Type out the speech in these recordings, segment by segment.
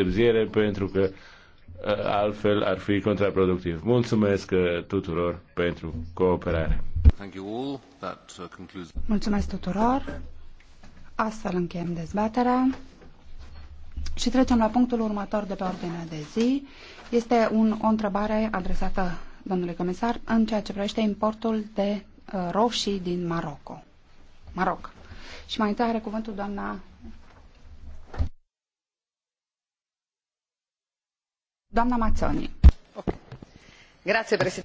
întârziere pentru că ă, altfel ar fi contraproductiv. Mulțumesc ă, tuturor pentru cooperare. Uh, Mulțumesc tuturor. Astfel încheiem dezbaterea. Și trecem la punctul următor de pe ordinea de zi. Este un, o întrebare adresată domnului comisar în ceea ce privește importul de uh, roșii din Maroc. Maroc. Și mai întâi are cuvântul doamna Mazzoni.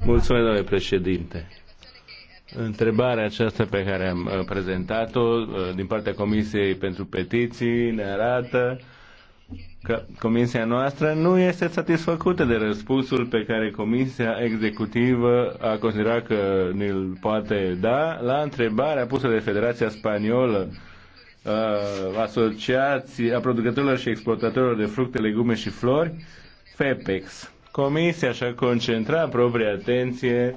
Mulțumesc, președinte. Întrebarea aceasta pe care am uh, prezentat-o uh, din partea Comisiei pentru Petiții ne arată că Comisia noastră nu este satisfăcută de răspunsul pe care Comisia Executivă a considerat că ne-l poate da la întrebarea pusă de Federația Spaniolă uh, Asociații a producătorilor și exploatatorilor de fructe, legume și flori FEPEX. Comisia și-a concentrat propria atenție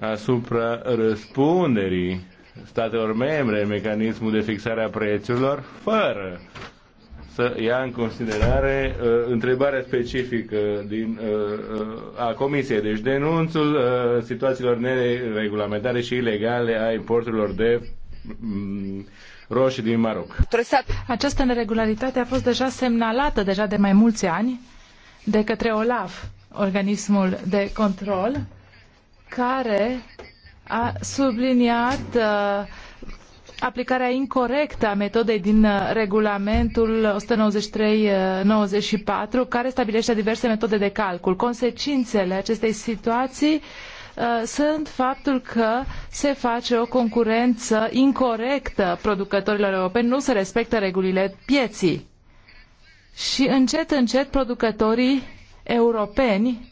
asupra răspunderii statelor membre în mecanismul de fixare a prețurilor, fără să ia în considerare uh, întrebarea specifică din, uh, uh, a Comisiei, deci denunțul uh, situațiilor neregulamentare și ilegale a importurilor de um, roșii din Maroc. Această neregularitate a fost deja semnalată deja de mai mulți ani de către OLAF, organismul de control, care a subliniat uh, aplicarea incorrectă a metodei din uh, regulamentul 193-94, uh, care stabilește diverse metode de calcul. Consecințele acestei situații uh, sunt faptul că se face o concurență incorrectă producătorilor europeni, nu se respectă regulile pieții și încet, încet producătorii europeni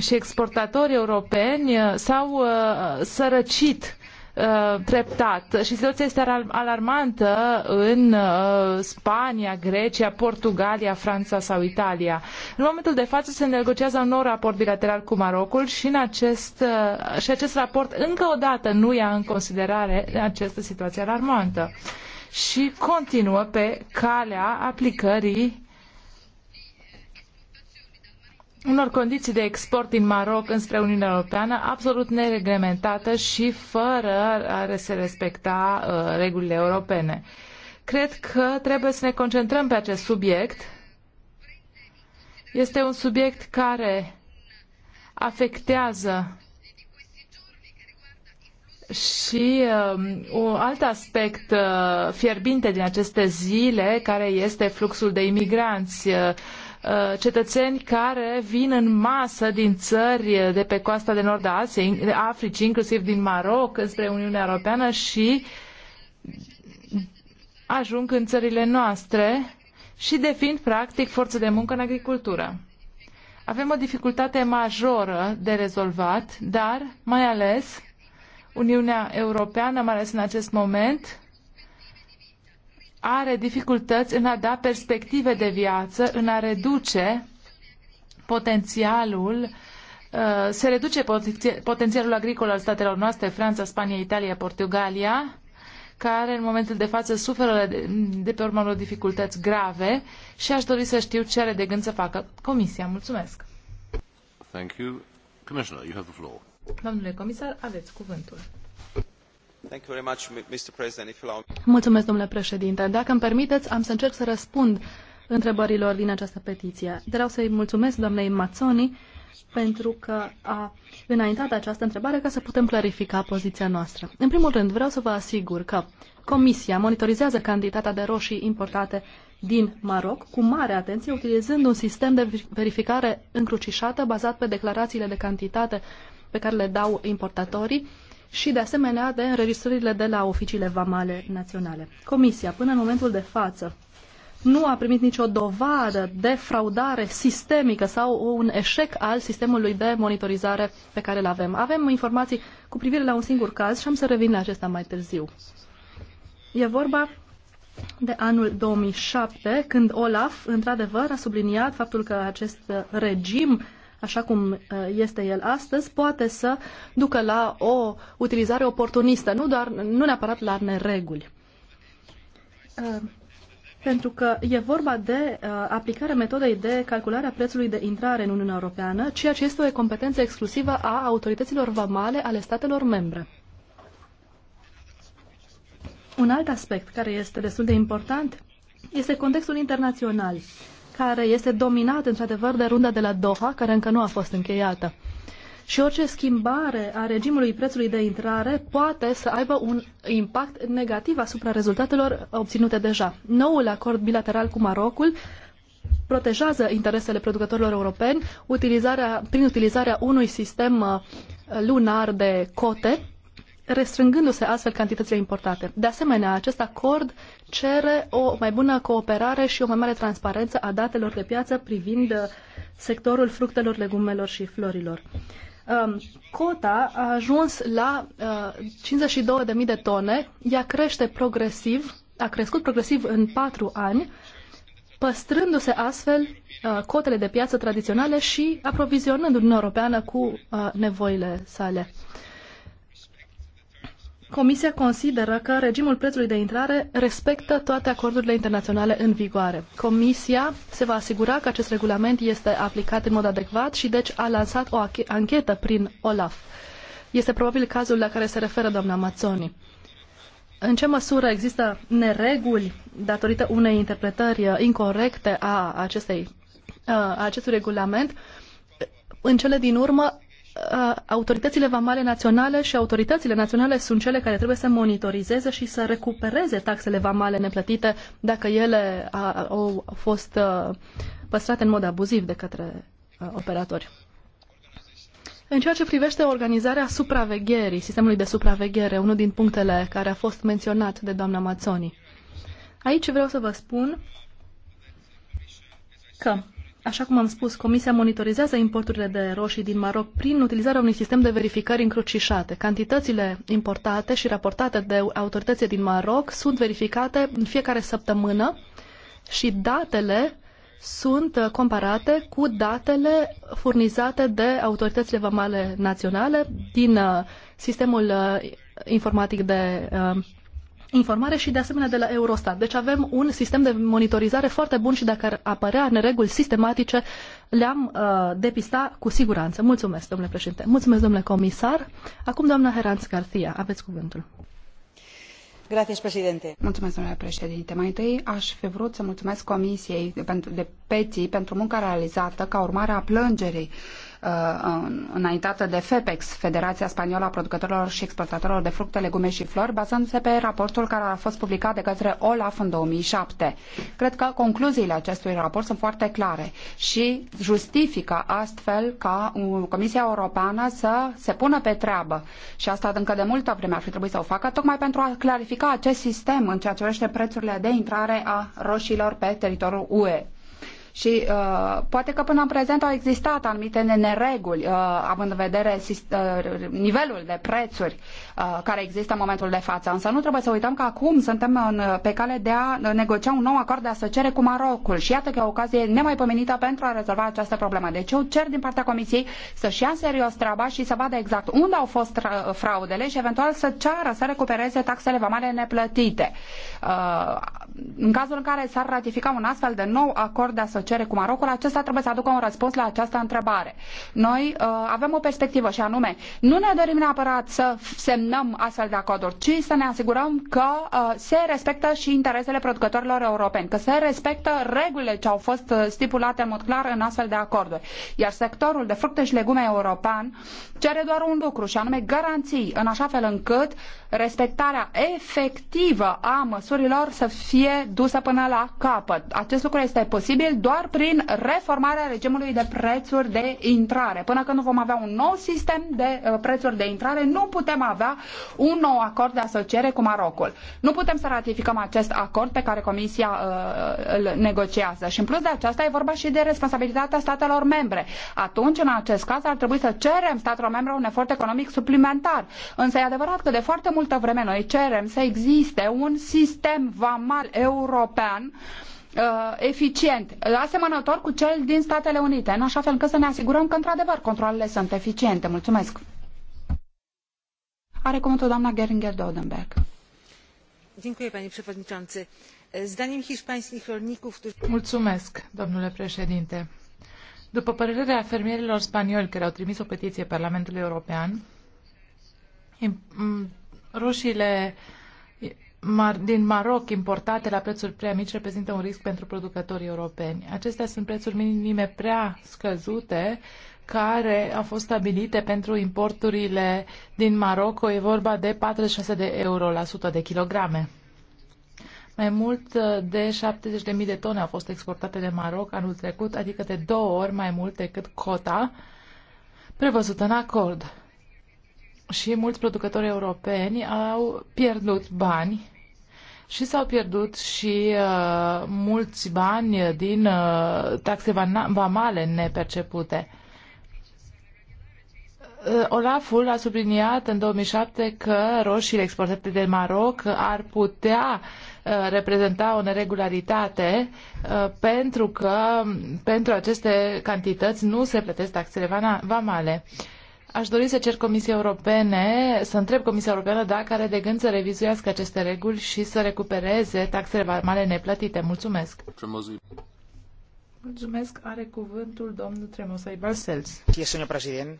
și exportatorii europeni uh, s-au uh, sărăcit uh, treptat și situația este alarmantă în uh, Spania, Grecia, Portugalia, Franța sau Italia. În momentul de față se negociază un nou raport bilateral cu Marocul și, în acest, uh, și acest raport încă o dată nu ia în considerare această situație alarmantă. Uh, și continuă pe calea aplicării unor condiții de export din Maroc înspre Uniunea Europeană absolut nereglementată și fără a se respecta uh, regulile europene. Cred că trebuie să ne concentrăm pe acest subiect. Este un subiect care afectează și um, un alt aspect uh, fierbinte din aceste zile, care este fluxul de imigranți, uh, uh, cetățeni care vin în masă din țări de pe coasta de nord a Asiei, Africii, inclusiv din Maroc, spre Uniunea Europeană și ajung în țările noastre și devin practic forță de muncă în agricultură. Avem o dificultate majoră de rezolvat, dar mai ales Uniunea Europeană, mai ales în acest moment, are dificultăți în a da perspective de viață, în a reduce potențialul uh, se reduce potențialul agricol al statelor noastre, Franța, Spania, Italia, Portugalia, care în momentul de față suferă de pe urma unor dificultăți grave și aș dori să știu ce are de gând să facă Comisia. Mulțumesc! Thank you. Commissioner, you have the floor. Domnule comisar, aveți cuvântul. Mulțumesc, domnule președinte. Dacă îmi permiteți, am să încerc să răspund întrebărilor din această petiție. Vreau să-i mulțumesc doamnei Mazzoni pentru că a înaintat această întrebare ca să putem clarifica poziția noastră. În primul rând, vreau să vă asigur că Comisia monitorizează cantitatea de roșii importate din Maroc cu mare atenție, utilizând un sistem de verificare încrucișată bazat pe declarațiile de cantitate pe care le dau importatorii și, de asemenea, de înregistrările de la oficiile vamale naționale. Comisia, până în momentul de față, nu a primit nicio dovadă de fraudare sistemică sau un eșec al sistemului de monitorizare pe care îl avem. Avem informații cu privire la un singur caz și am să revin la acesta mai târziu. E vorba de anul 2007, când Olaf, într-adevăr, a subliniat faptul că acest regim așa cum uh, este el astăzi, poate să ducă la o utilizare oportunistă, nu, doar, nu neapărat la nereguli. Uh, pentru că e vorba de uh, aplicarea metodei de calculare a prețului de intrare în Uniunea Europeană, ceea ce este o competență exclusivă a autorităților vamale ale statelor membre. Un alt aspect care este destul de important este contextul internațional care este dominat într-adevăr de runda de la Doha, care încă nu a fost încheiată. Și orice schimbare a regimului prețului de intrare poate să aibă un impact negativ asupra rezultatelor obținute deja. Noul acord bilateral cu Marocul protejează interesele producătorilor europeni utilizarea, prin utilizarea unui sistem uh, lunar de cote restrângându-se astfel cantitățile importate. De asemenea, acest acord cere o mai bună cooperare și o mai mare transparență a datelor de piață privind uh, sectorul fructelor, legumelor și florilor. Um, cota a ajuns la 52.000 uh, de tone, ea crește progresiv, a crescut progresiv în patru ani, păstrându-se astfel uh, cotele de piață tradiționale și aprovizionând Uniunea Europeană cu nevoile sale. Comisia consideră că regimul prețului de intrare respectă toate acordurile internaționale în vigoare. Comisia se va asigura că acest regulament este aplicat în mod adecvat și deci a lansat o anchetă prin OLAF. Este probabil cazul la care se referă doamna Mazzoni. În ce măsură există nereguli datorită unei interpretări uh, incorrecte a, acestei, uh, a acestui regulament? În cele din urmă, autoritățile vamale naționale și autoritățile naționale sunt cele care trebuie să monitorizeze și să recupereze taxele vamale neplătite dacă ele au fost păstrate în mod abuziv de către operatori. În ceea ce privește organizarea supravegherii, sistemului de supraveghere, unul din punctele care a fost menționat de doamna Mazzoni. Aici vreau să vă spun că Așa cum am spus, Comisia monitorizează importurile de roșii din Maroc prin utilizarea unui sistem de verificări încrucișate. Cantitățile importate și raportate de autoritățile din Maroc sunt verificate în fiecare săptămână și datele sunt comparate cu datele furnizate de autoritățile vamale naționale din uh, sistemul uh, informatic de uh, informare și de asemenea de la Eurostat. Deci avem un sistem de monitorizare foarte bun și dacă ar apărea nereguli sistematice, le-am uh, depista cu siguranță. Mulțumesc, domnule președinte. Mulțumesc, domnule comisar. Acum, doamna Heranț Garcia, aveți cuvântul. Gracias, președinte. Mulțumesc, domnule președinte. Mai întâi aș fi vrut să mulțumesc Comisiei de, pentru, de Peții pentru munca realizată ca urmare a plângerii uh, Uh, înaintată de FEPEX, Federația Spaniolă a Producătorilor și Exportatorilor de Fructe, Legume și Flori, bazându-se pe raportul care a fost publicat de către OLAF în 2007. Cred că concluziile acestui raport sunt foarte clare și justifică astfel ca Comisia Europeană să se pună pe treabă și asta încă de multă vreme ar fi trebuit să o facă, tocmai pentru a clarifica acest sistem în ceea ce privește prețurile de intrare a roșiilor pe teritoriul UE. Și uh, poate că până în prezent au existat anumite nereguli, uh, având în vedere uh, nivelul de prețuri uh, care există în momentul de față. Însă nu trebuie să uităm că acum suntem în, uh, pe cale de a uh, negocia un nou acord de asociere cu Marocul. Și iată că e o ocazie nemaipomenită pentru a rezolva această problemă. Deci eu cer din partea Comisiei să-și ia în serios treaba și să vadă exact unde au fost fraudele și eventual să ceară să recupereze taxele vamale neplătite. Uh, în cazul în care s-ar ratifica un astfel de nou acord de asociere cu Marocul, acesta trebuie să aducă un răspuns la această întrebare. Noi uh, avem o perspectivă și anume, nu ne dorim neapărat să semnăm astfel de acorduri, ci să ne asigurăm că uh, se respectă și interesele producătorilor europeni, că se respectă regulile ce au fost uh, stipulate în mod clar în astfel de acorduri. Iar sectorul de fructe și legume european cere doar un lucru și anume garanții, în așa fel încât respectarea efectivă a măsurilor să fie dusă până la capăt. Acest lucru este posibil doar prin reformarea regimului de prețuri de intrare. Până când nu vom avea un nou sistem de uh, prețuri de intrare, nu putem avea un nou acord de asociere cu Marocul. Nu putem să ratificăm acest acord pe care Comisia uh, îl negociază. Și în plus de aceasta e vorba și de responsabilitatea statelor membre. Atunci, în acest caz, ar trebui să cerem statelor statelor membre un efort economic suplimentar. Însă e adevărat că de foarte multă vreme noi cerem să existe un sistem vamal european uh, eficient, asemănător cu cel din Statele Unite, în așa fel încât să ne asigurăm că, într-adevăr, controlele sunt eficiente. Mulțumesc! Are cuvântul doamna Geringer de Mulțumesc, domnule președinte. După părerea fermierilor spanioli care au trimis o petiție Parlamentului European, roșiile din Maroc importate la prețuri prea mici reprezintă un risc pentru producătorii europeni. Acestea sunt prețuri minime prea scăzute care au fost stabilite pentru importurile din Maroc. E vorba de 46 de euro la 100 de kilograme. Mai mult uh, de 70.000 de tone au fost exportate de Maroc anul trecut, adică de două ori mai mult decât cota prevăzută în acord. Și mulți producători europeni au pierdut bani și s-au pierdut și uh, mulți bani din uh, taxe vamale nepercepute. Uh, Olaful a subliniat în 2007 că roșiile exportate de Maroc ar putea uh, reprezenta o neregularitate uh, pentru că pentru aceste cantități nu se plătesc taxele vamale. Aș dori să cer Comisiei Europene, să întreb Comisia Europeană dacă are de gând să revizuiască aceste reguli și să recupereze taxele vamale neplătite. Mulțumesc! Mulțumesc! Are cuvântul domnul Tremosai Balsels. Mulțumesc,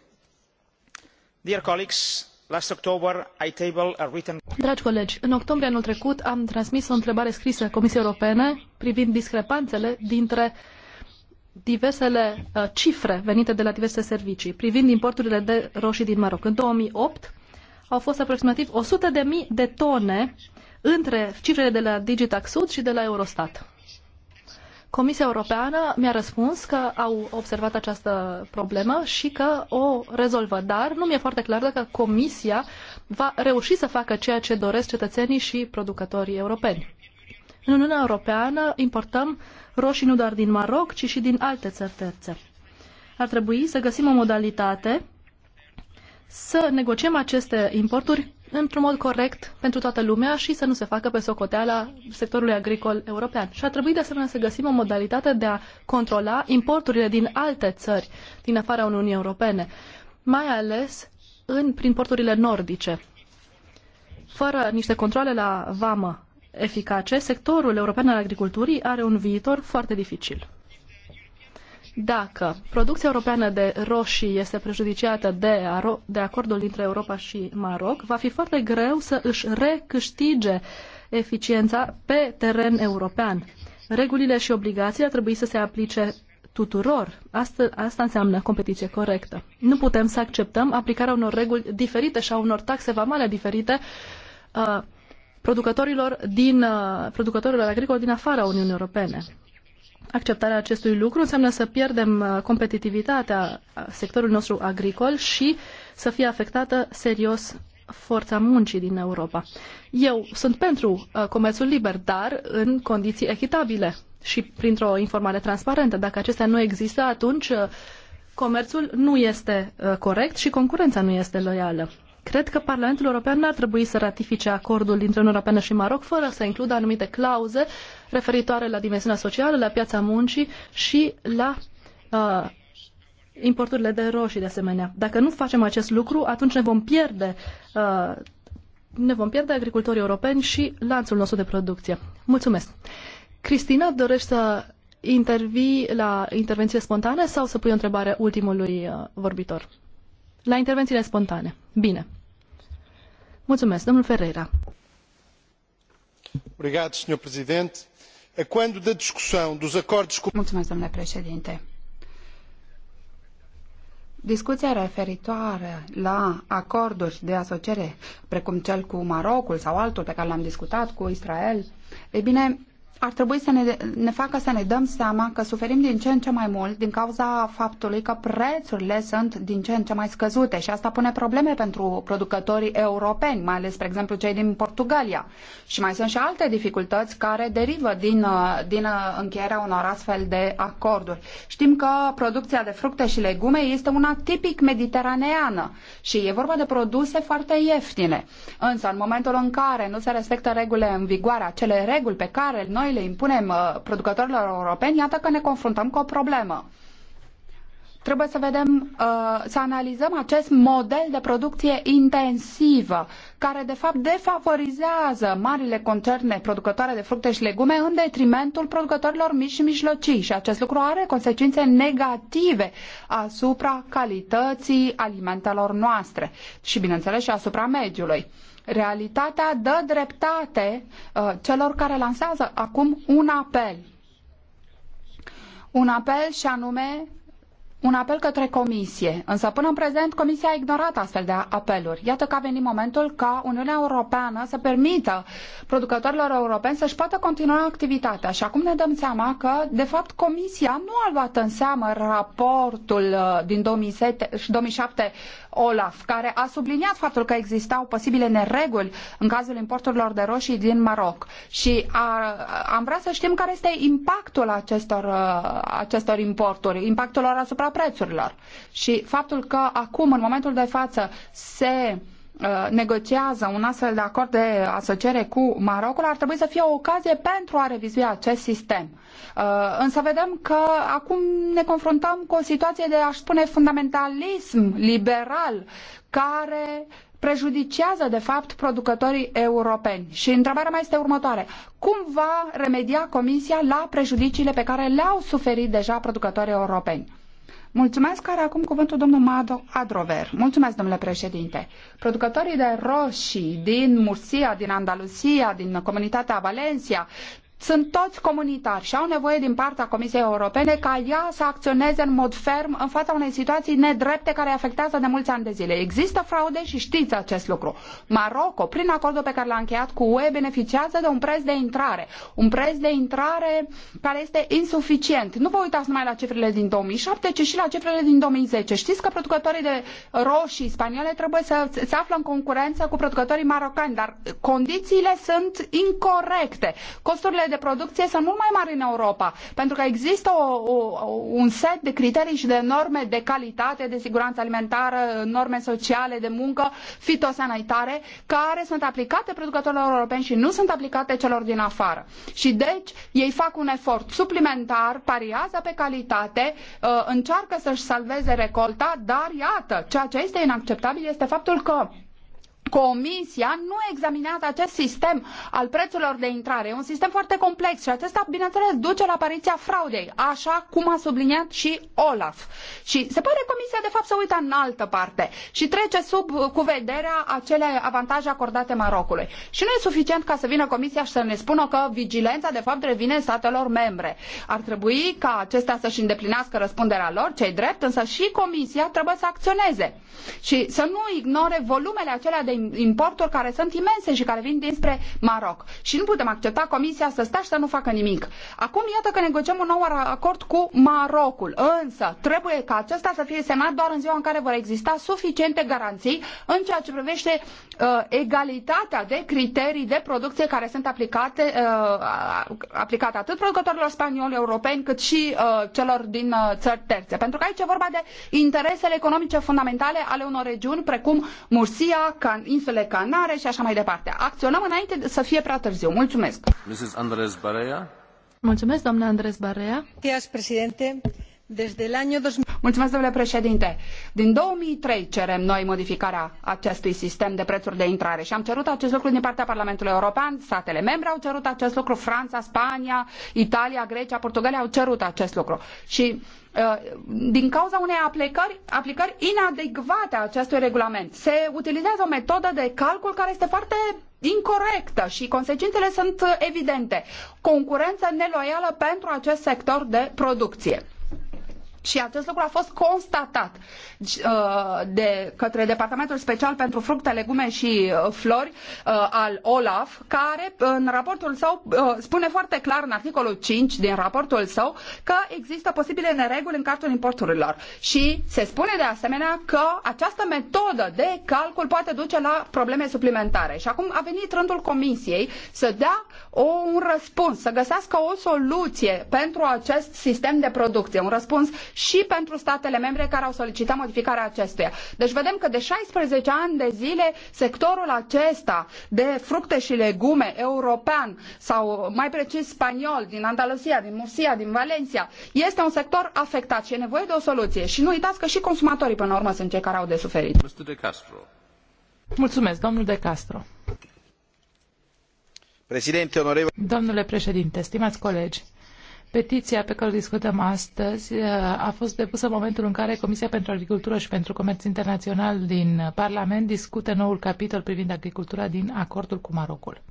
Dragi colegi, în octombrie anul trecut am transmis o întrebare scrisă Comisiei Europene privind discrepanțele dintre diversele uh, cifre venite de la diverse servicii privind importurile de roșii din Maroc. În 2008 au fost aproximativ 100.000 de tone între cifrele de la Digitax Sud și de la Eurostat. Comisia Europeană mi-a răspuns că au observat această problemă și că o rezolvă, dar nu mi-e foarte clar dacă Comisia va reuși să facă ceea ce doresc cetățenii și producătorii europeni. În Uniunea Europeană importăm roșii nu doar din Maroc, ci și din alte țări terțe. Ar trebui să găsim o modalitate să negociem aceste importuri într-un mod corect pentru toată lumea și să nu se facă pe socoteala sectorului agricol european. Și ar trebui de asemenea să găsim o modalitate de a controla importurile din alte țări din afara Uniunii Europene, mai ales în, prin porturile nordice. Fără niște controle la vamă eficace, sectorul european al agriculturii are un viitor foarte dificil. Dacă producția europeană de roșii este prejudiciată de, de acordul dintre Europa și Maroc, va fi foarte greu să își recâștige eficiența pe teren european. Regulile și obligațiile trebuie să se aplice tuturor. Asta, asta înseamnă competiție corectă. Nu putem să acceptăm aplicarea unor reguli diferite și a unor taxe vamale diferite uh, producătorilor, din, uh, producătorilor agricoli din afara Uniunii Europene acceptarea acestui lucru înseamnă să pierdem uh, competitivitatea uh, sectorului nostru agricol și să fie afectată serios forța muncii din Europa. Eu sunt pentru uh, comerțul liber, dar în condiții echitabile și printr-o informare transparentă. Dacă acestea nu există, atunci comerțul nu este corect și concurența nu este loială. Cred că Parlamentul European n-ar trebui să ratifice acordul dintre Uniunea Europeană și Maroc fără să includă anumite clauze referitoare la dimensiunea socială, la piața muncii și la uh, importurile de roșii de asemenea. Dacă nu facem acest lucru, atunci ne vom pierde uh, ne vom pierde agricultorii europeni și lanțul nostru de producție. Mulțumesc. Cristina, dorești să intervii la intervenție spontane sau să pui o întrebare ultimului uh, vorbitor? La intervențiile spontane. Bine. Mulțumesc, domnul Ferreira. Mulțumesc, domnule președinte. Discuția referitoare la acorduri de asociere, precum cel cu Marocul sau altul pe care l-am discutat cu Israel, e bine, ar trebui să ne, ne facă să ne dăm seama că suferim din ce în ce mai mult din cauza faptului că prețurile sunt din ce în ce mai scăzute și asta pune probleme pentru producătorii europeni, mai ales, spre exemplu, cei din Portugalia. Și mai sunt și alte dificultăți care derivă din, uh, din uh, încheierea unor astfel de acorduri. Știm că producția de fructe și legume este una tipic mediteraneană și e vorba de produse foarte ieftine. Însă, în momentul în care nu se respectă regulile în vigoare, acele reguli pe care noi noi le impunem uh, producătorilor europeni, iată că ne confruntăm cu o problemă. Trebuie să vedem, uh, să analizăm acest model de producție intensivă, care de fapt defavorizează marile concerne producătoare de fructe și legume în detrimentul producătorilor mici și mijlocii și acest lucru are consecințe negative asupra calității alimentelor noastre și bineînțeles și asupra mediului. Realitatea dă dreptate uh, celor care lansează acum un apel. Un apel și anume un apel către comisie. Însă până în prezent comisia a ignorat astfel de apeluri. Iată că a venit momentul ca Uniunea Europeană să permită producătorilor europeni să-și poată continua activitatea. Și acum ne dăm seama că, de fapt, comisia nu a luat în seamă raportul uh, din 2007 Olaf, care a subliniat faptul că existau posibile nereguli în cazul importurilor de roșii din Maroc. Și a, am vrea să știm care este impactul acestor, uh, acestor importuri, impactul lor asupra prețurilor. Și faptul că acum, în momentul de față, se uh, Uh, negociază un astfel de acord de asociere cu Marocul, ar trebui să fie o ocazie pentru a revizui acest sistem. Uh, însă vedem că acum ne confruntăm cu o situație de, aș spune, fundamentalism liberal, care prejudicează, de fapt, producătorii europeni. Și întrebarea mea este următoare. Cum va remedia Comisia la prejudiciile pe care le-au suferit deja producătorii europeni? Mulțumesc, care acum cuvântul domnul Mado Adrover. Mulțumesc, domnule președinte. Producătorii de roșii din Mursia, din Andalusia, din comunitatea Valencia, sunt toți comunitari și au nevoie din partea Comisiei Europene ca ea să acționeze în mod ferm în fața unei situații nedrepte care afectează de mulți ani de zile. Există fraude și știți acest lucru. Maroco, prin acordul pe care l-a încheiat cu UE, beneficiază de un preț de intrare. Un preț de intrare care este insuficient. Nu vă uitați numai la cifrele din 2007, ci și la cifrele din 2010. Știți că producătorii de roșii spaniole trebuie să se află în concurență cu producătorii marocani, dar condițiile sunt incorrecte. Costurile de producție sunt mult mai mari în Europa, pentru că există o, o, un set de criterii și de norme de calitate, de siguranță alimentară, norme sociale, de muncă, fitosanitare, care sunt aplicate producătorilor europeni și nu sunt aplicate celor din afară. Și deci ei fac un efort suplimentar, pariază pe calitate, uh, încearcă să-și salveze recolta, dar iată, ceea ce este inacceptabil este faptul că Comisia nu examinează acest sistem al prețurilor de intrare. E un sistem foarte complex și acesta, bineînțeles, duce la apariția fraudei, așa cum a subliniat și Olaf. Și se pare că Comisia, de fapt, se uită în altă parte și trece sub uh, cu vederea acele avantaje acordate Marocului. Și nu e suficient ca să vină Comisia și să ne spună că vigilența, de fapt, revine statelor membre. Ar trebui ca acestea să-și îndeplinească răspunderea lor, cei drept, însă și Comisia trebuie să acționeze și să nu ignore volumele acelea de importuri care sunt imense și care vin dinspre Maroc. Și nu putem accepta Comisia să stea și să nu facă nimic. Acum iată că negociem un nou acord cu Marocul. Însă trebuie ca acesta să fie semnat doar în ziua în care vor exista suficiente garanții în ceea ce privește uh, egalitatea de criterii de producție care sunt aplicate, uh, aplicate atât producătorilor spanioli europeni cât și uh, celor din uh, țări terțe. Pentru că aici e vorba de interesele economice fundamentale ale unor regiuni precum Mursia, Can insule Canare și așa mai departe. Acționăm înainte să fie prea târziu. Mulțumesc. Mrs. Andres Barea. Mulțumesc, doamna Andres Barea. Mulțumesc, președinte. Desde el año 2000... Mulțumesc, domnule președinte. Din 2003 cerem noi modificarea acestui sistem de prețuri de intrare și am cerut acest lucru din partea Parlamentului European, statele membre au cerut acest lucru, Franța, Spania, Italia, Grecia, Portugalia au cerut acest lucru. Și Uh, din cauza unei aplicări, aplicări inadecvate a acestui regulament. Se utilizează o metodă de calcul care este foarte incorrectă și consecințele sunt uh, evidente. Concurență neloială pentru acest sector de producție. Și acest lucru a fost constatat uh, de către Departamentul Special pentru Fructe, Legume și uh, Flori uh, al OLAF, care în raportul său spune foarte clar în articolul 5 din raportul său că există posibile nereguli în cartul importurilor. Și se spune de asemenea că această metodă de calcul poate duce la probleme suplimentare. Și acum a venit rândul Comisiei să dea o, un răspuns, să găsească o soluție pentru acest sistem de producție, un răspuns și pentru statele membre care au solicitat modificarea acestuia. Deci vedem că de 16 ani de zile sectorul acesta de fructe și legume european sau mai precis spaniol din Andalusia, din Murcia, din Valencia este un sector afectat și e nevoie de o soluție. Și nu uitați că și consumatorii până la urmă sunt cei care au de suferit. De Mulțumesc, domnul De Castro. Președinte, onorevole... Domnule președinte, stimați colegi, Petiția pe care o discutăm astăzi uh, a fost depusă în momentul în care Comisia pentru Agricultură și pentru Comerț Internațional din Parlament discută noul capitol privind agricultura din acordul cu Marocul.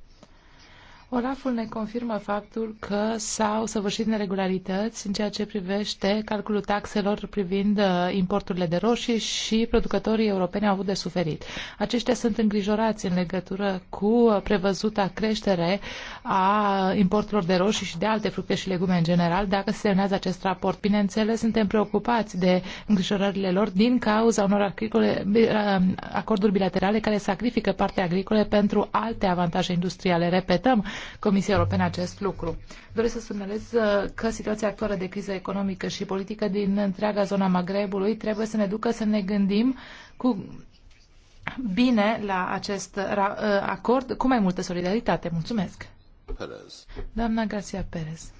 Olaful ne confirmă faptul că s-au săvârșit neregularități în ceea ce privește calculul taxelor privind uh, importurile de roșii și producătorii europeni au avut de suferit. Aceștia sunt îngrijorați în legătură cu uh, prevăzuta creștere a importurilor de roșii și de alte fructe și legume în general dacă se semnează acest raport. Bineînțeles, suntem preocupați de îngrijorările lor din cauza unor agricole, uh, acorduri bilaterale care sacrifică partea agricole pentru alte avantaje industriale. Repetăm, Comisia Europeană acest lucru. Doresc să semnalez uh, că situația actuală de criză economică și politică din întreaga zona Magrebului trebuie să ne ducă să ne gândim cu bine la acest uh, acord cu mai multă solidaritate. Mulțumesc! Perez. Doamna Garcia Perez.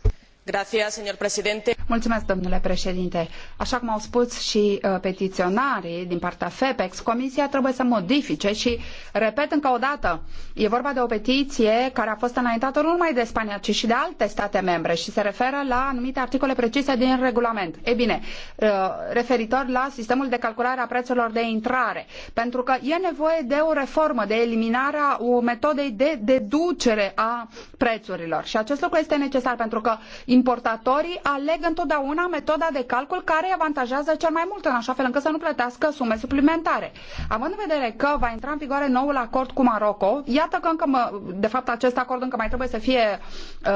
Mulțumesc, domnule președinte. Așa cum au spus și uh, petiționarii din partea FEPEX, Comisia trebuie să modifice și, repet încă o dată, e vorba de o petiție care a fost înaintată nu numai de Spania, ci și de alte state membre și se referă la anumite articole precise din regulament. E bine, uh, referitor la sistemul de calculare a prețurilor de intrare, pentru că e nevoie de o reformă, de eliminarea metodei de deducere a prețurilor. Și acest lucru este necesar pentru că importatorii aleg întotdeauna metoda de calcul care avantajează cel mai mult, în așa fel încât să nu plătească sume suplimentare. Având în vedere că va intra în vigoare noul acord cu Maroco, iată că încă, mă, de fapt, acest acord încă mai trebuie să fie uh,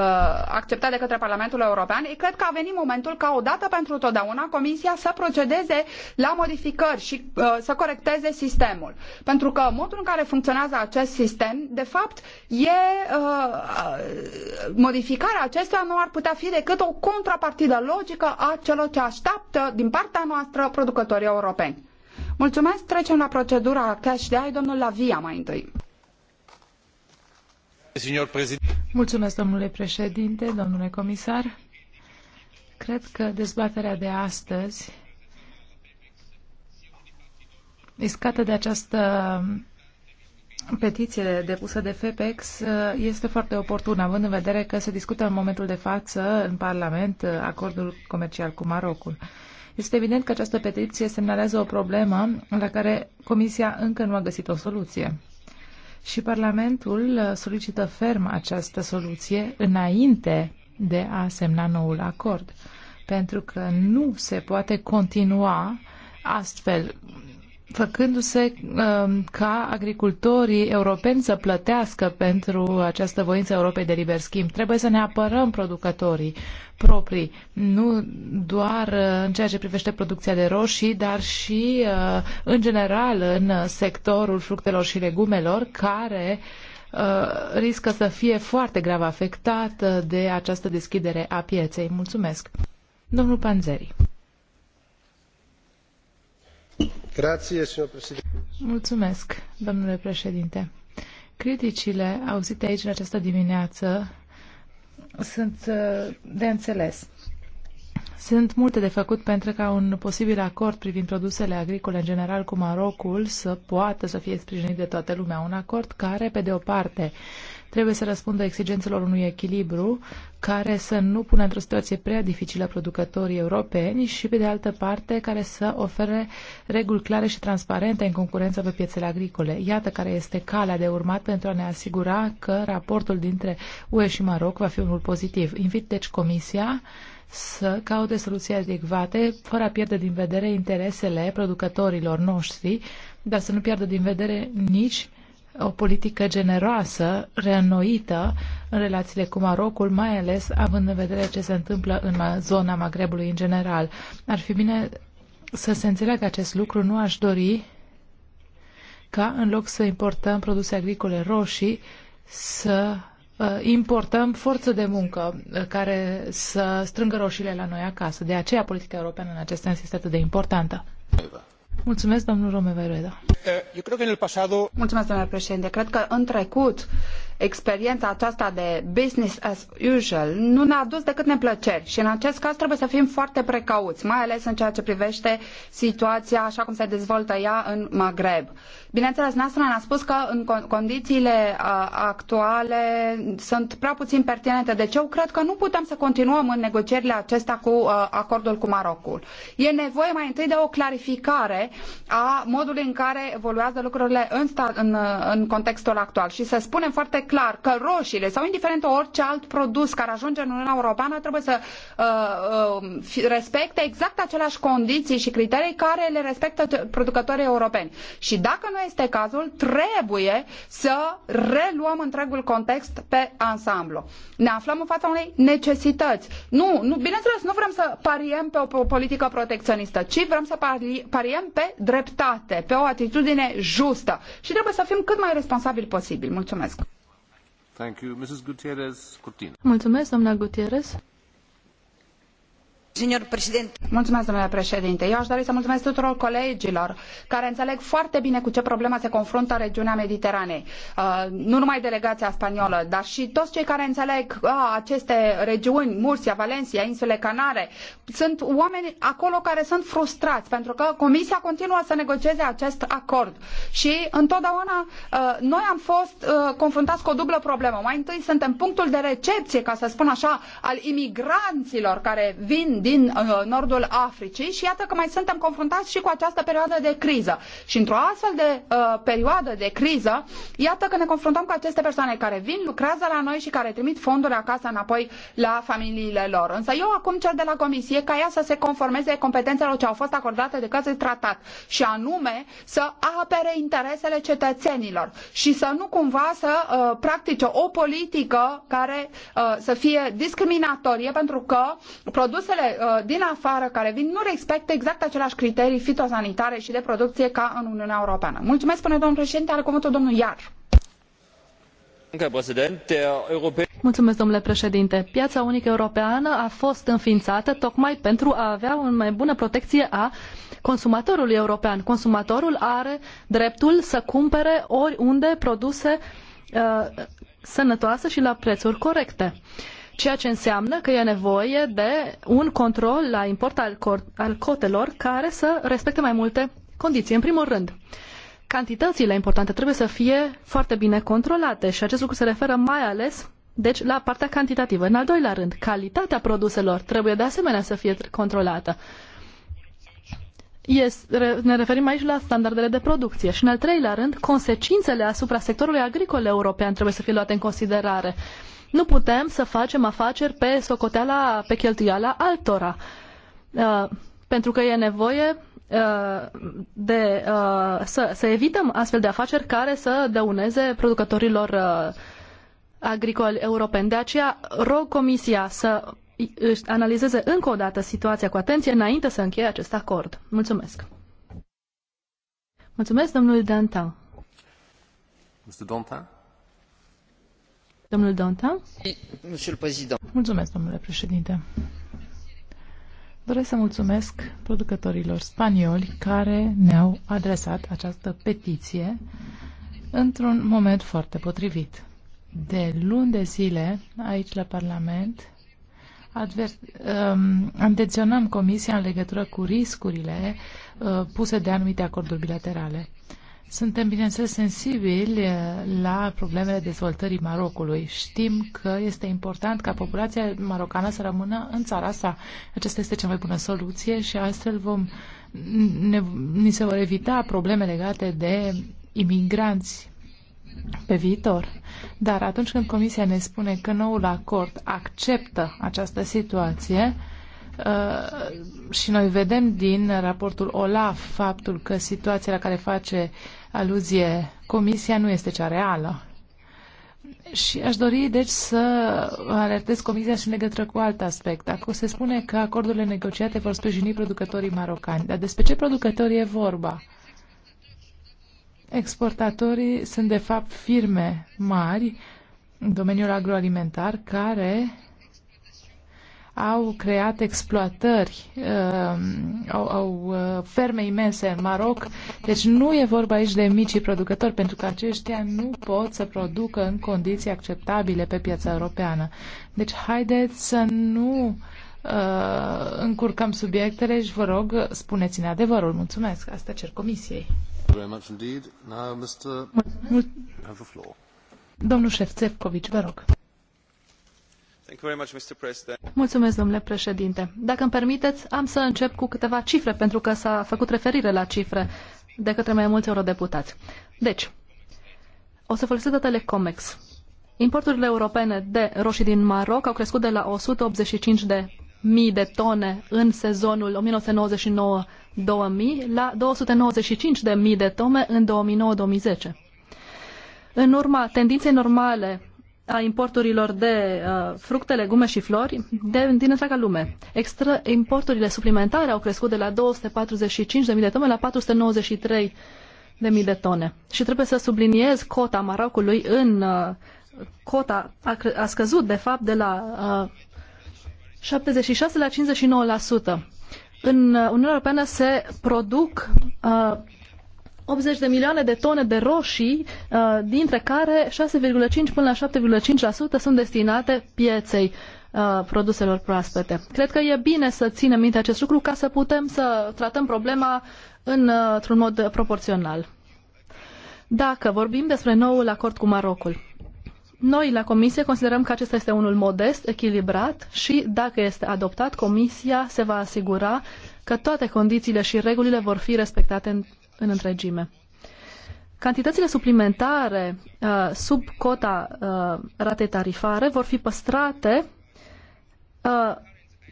acceptat de către Parlamentul European, e cred că a venit momentul ca odată pentru totdeauna Comisia să procedeze la modificări și uh, să corecteze sistemul. Pentru că modul în care funcționează acest sistem, de fapt, e uh, uh modificarea acestuia nu ar putea fi decât o contrapartidă logică a celor ce așteaptă din partea noastră producătorii europeni. Mulțumesc, trecem la procedura cash de ai, domnul Lavia mai întâi. Mulțumesc, domnule președinte, domnule comisar. Cred că dezbaterea de astăzi este de această petiție depusă de FEPEX uh, este foarte oportună, având în vedere că se discută în momentul de față în Parlament uh, acordul comercial cu Marocul. Este evident că această petiție semnalează o problemă la care Comisia încă nu a găsit o soluție. Și Parlamentul uh, solicită ferm această soluție înainte de a semna noul acord, pentru că nu se poate continua astfel făcându-se um, ca agricultorii europeni să plătească pentru această voință Europei de liber schimb. Trebuie să ne apărăm producătorii proprii, nu doar uh, în ceea ce privește producția de roșii, dar și uh, în general în sectorul fructelor și legumelor, care uh, riscă să fie foarte grav afectat de această deschidere a pieței. Mulțumesc. Domnul Panzeri. Mulțumesc, domnule președinte. Criticile auzite aici în această dimineață sunt uh, de înțeles. Sunt multe de făcut pentru ca un posibil acord privind produsele agricole în general cu Marocul să poată să fie sprijinit de toată lumea. Un acord care, pe de o parte, trebuie să răspundă exigențelor unui echilibru care să nu pună într-o situație prea dificilă producătorii europeni și, pe de altă parte, care să ofere reguli clare și transparente în concurență pe piețele agricole. Iată care este calea de urmat pentru a ne asigura că raportul dintre UE și Maroc va fi unul pozitiv. Invit, deci, Comisia să caute soluții adecvate, fără a pierde din vedere interesele producătorilor noștri, dar să nu pierdă din vedere nici o politică generoasă, reînnoită în relațiile cu Marocul, mai ales având în vedere ce se întâmplă în zona Magrebului în general. Ar fi bine să se înțeleagă acest lucru. Nu aș dori ca, în loc să importăm produse agricole roșii, să uh, importăm forță de muncă uh, care să strângă roșiile la noi acasă. De aceea politica europeană în acest sens este atât de importantă. Eh, eu cred că în pasado... Mulțumesc, domnule președinte. Cred că în trecut experiența aceasta de business as usual nu ne-a dus decât neplăceri și în acest caz trebuie să fim foarte precauți, mai ales în ceea ce privește situația așa cum se dezvoltă ea în Maghreb. Bineînțeles, Nasra ne-a spus că în condițiile actuale sunt prea puțin pertinente, deci eu cred că nu putem să continuăm în negocierile acestea cu acordul cu Marocul. E nevoie mai întâi de o clarificare a modului în care evoluează lucrurile în, sta, în, în contextul actual și să spunem foarte clar că roșiile sau indiferent orice alt produs care ajunge în Uniunea Europeană trebuie să uh, uh, respecte exact aceleași condiții și criterii care le respectă producătorii europeni. Și dacă nu este cazul, trebuie să reluăm întregul context pe ansamblu. Ne aflăm în fața unei necesități. Nu, nu bineînțeles, nu vrem să pariem pe o politică protecționistă, ci vrem să pariem pe dreptate, pe o atitudine justă. Și trebuie să fim cât mai responsabili posibil. Mulțumesc! Mulțumesc, doamna Gutierrez domnule președinte. Eu aș dori să mulțumesc tuturor colegilor care înțeleg foarte bine cu ce problemă se confruntă regiunea Mediteranei. Uh, nu numai delegația spaniolă, dar și toți cei care înțeleg aceste regiuni, Murcia, Valencia, insulele Canare, sunt oameni acolo care sunt frustrați pentru că Comisia continuă să negocieze acest acord. Și întotdeauna uh, noi am fost confruntai uh, confruntați cu o dublă problemă. Mai întâi suntem punctul de recepție, ca să spun așa, al imigranților care vin din uh, nordul Africii și iată că mai suntem confruntați și cu această perioadă de criză. Și într-o astfel de uh, perioadă de criză, iată că ne confruntăm cu aceste persoane care vin, lucrează la noi și care trimit fonduri acasă înapoi la familiile lor. Însă eu acum cer de la Comisie ca ea să se conformeze competențelor ce au fost acordate de către tratat și anume să apere interesele cetățenilor și să nu cumva să uh, practice o politică care uh, să fie discriminatorie pentru că produsele Uh, din afară care vin nu respectă exact aceleași criterii fitosanitare și de producție ca în Uniunea Europeană. Mulțumesc, până domnul președinte, are cuvântul domnul Iar. Mulțumesc, domnule președinte. Piața unică europeană a fost înființată tocmai pentru a avea o mai bună protecție a consumatorului european. Consumatorul are dreptul să cumpere oriunde produse uh, sănătoase și la prețuri corecte. Uh, ceea ce înseamnă că e nevoie de un control la import al, al cotelor care să respecte mai multe condiții. În primul rând, cantitățile importante trebuie să fie foarte bine controlate și acest lucru se referă mai ales deci la partea cantitativă. În al doilea rând, calitatea produselor trebuie de asemenea să fie controlată. Yes, ne referim aici la standardele de producție și, în al treilea rând, consecințele asupra sectorului agricol european trebuie să fie luate în considerare. Nu putem să facem afaceri pe socoteala, pe cheltuiala altora. Uh, pentru că e nevoie uh, de, uh, să, să evităm astfel de afaceri care să dăuneze producătorilor agricoli europeni. De aceea rog Comisia să își analizeze încă o dată situația cu atenție înainte să încheie acest acord. Mulțumesc. Mulțumesc, domnul Dantin. Mr. Dantin? Mulțumesc, domnule președinte. Doresc să mulțumesc producătorilor spanioli care ne-au adresat această petiție într-un moment foarte potrivit. De luni de zile, aici la Parlament, advert, um, Comisia în legătură cu riscurile uh, puse de anumite acorduri bilaterale. Suntem, bineînțeles, sensibili eh, la problemele dezvoltării Marocului. Știm că este important ca populația marocană să rămână în țara sa. Aceasta este cea mai bună soluție și astfel vom, ne, ni se vor evita probleme legate de imigranți pe viitor. Dar atunci când Comisia ne spune că noul acord acceptă această situație, Uh, și noi vedem din raportul OLAF faptul că situația la care face aluzie Comisia nu este cea reală. Și aș dori, deci, să alertez Comisia și în legătură cu alt aspect. Acum se spune că acordurile negociate vor sprijini producătorii marocani. Dar despre ce producători e vorba? Exportatorii sunt, de fapt, firme mari în domeniul agroalimentar care au creat exploatări, uh, au, au uh, ferme imense în Maroc. Deci nu e vorba aici de micii producători, pentru că aceștia nu pot să producă în condiții acceptabile pe piața europeană. Deci haideți să nu uh, încurcăm subiectele și vă rog, spuneți-ne adevărul. Mulțumesc. Asta cer comisiei. Domnul șef Șefțefcovici, vă rog. Mulțumesc, domnule președinte. Dacă îmi permiteți, am să încep cu câteva cifre, pentru că s-a făcut referire la cifre de către mai mulți eurodeputați. Deci, o să folosesc datele COMEX. Importurile europene de roșii din Maroc au crescut de la 185 de mii de tone în sezonul 1999-2000 la 295 de mii de tone în 2009-2010. În urma tendinței normale a importurilor de uh, fructe, legume și flori de, din întreaga lume. Extra, importurile suplimentare au crescut de la 245.000 de tone la 493 de mii de tone. Și trebuie să subliniez cota Marocului în uh, cota a, a scăzut de fapt de la uh, 76 la 59%. În uh, Uniunea Europeană se produc uh, 80 de milioane de tone de roșii, uh, dintre care 6,5 până la 7,5% sunt destinate pieței uh, produselor proaspete. Cred că e bine să ținem minte acest lucru ca să putem să tratăm problema uh, într-un mod proporțional. Dacă vorbim despre noul acord cu Marocul, noi la Comisie considerăm că acesta este unul modest, echilibrat și, dacă este adoptat, Comisia se va asigura că toate condițiile și regulile vor fi respectate în în întregime. Cantitățile suplimentare uh, sub cota uh, ratei tarifare vor fi păstrate uh,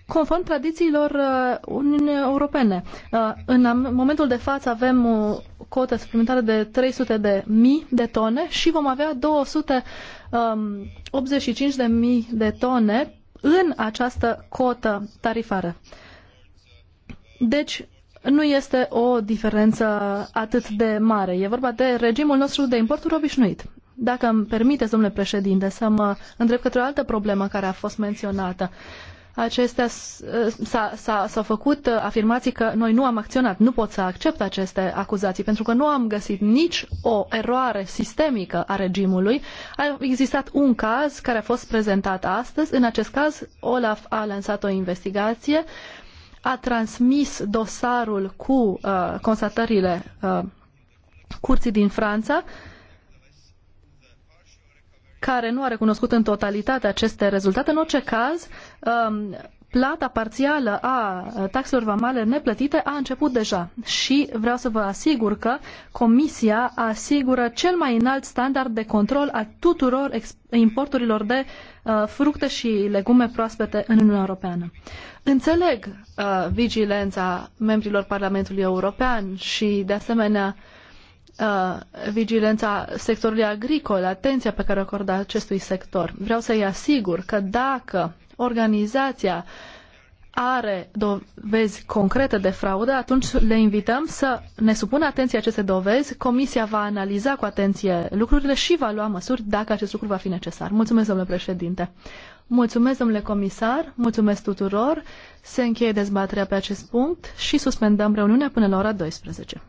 conform tradițiilor uh, Uniunii Europene. Uh, în momentul de față avem o cotă suplimentară de 300 de mii de tone și vom avea 285 um, de mii de tone în această cotă tarifară. Deci, nu este o diferență atât de mare. E vorba de regimul nostru de importuri obișnuit. Dacă îmi permiteți, domnule președinte, să mă îndrept către o altă problemă care a fost menționată. Acestea s-au făcut afirmații că noi nu am acționat. Nu pot să accept aceste acuzații, pentru că nu am găsit nici o eroare sistemică a regimului. A existat un caz care a fost prezentat astăzi. În acest caz, Olaf a lansat o investigație uh, a transmis dosarul cu uh, constatările uh, curții din Franța, care nu a recunoscut în totalitate aceste rezultate. În orice caz, um, plata parțială a taxelor vamale neplătite a început deja și vreau să vă asigur că Comisia asigură cel mai înalt standard de control a tuturor importurilor de uh, fructe și legume proaspete în Uniunea Europeană. Înțeleg uh, vigilența membrilor Parlamentului European și, de asemenea, uh, vigilența sectorului agricol, atenția pe care o acordă acestui sector. Vreau să-i asigur că dacă organizația are dovezi concrete de fraudă, atunci le invităm să ne supună atenție aceste dovezi. Comisia va analiza cu atenție lucrurile și va lua măsuri dacă acest lucru va fi necesar. Mulțumesc, domnule președinte. Mulțumesc, domnule comisar, mulțumesc tuturor. Se încheie dezbaterea pe acest punct și suspendăm reuniunea până la ora 12.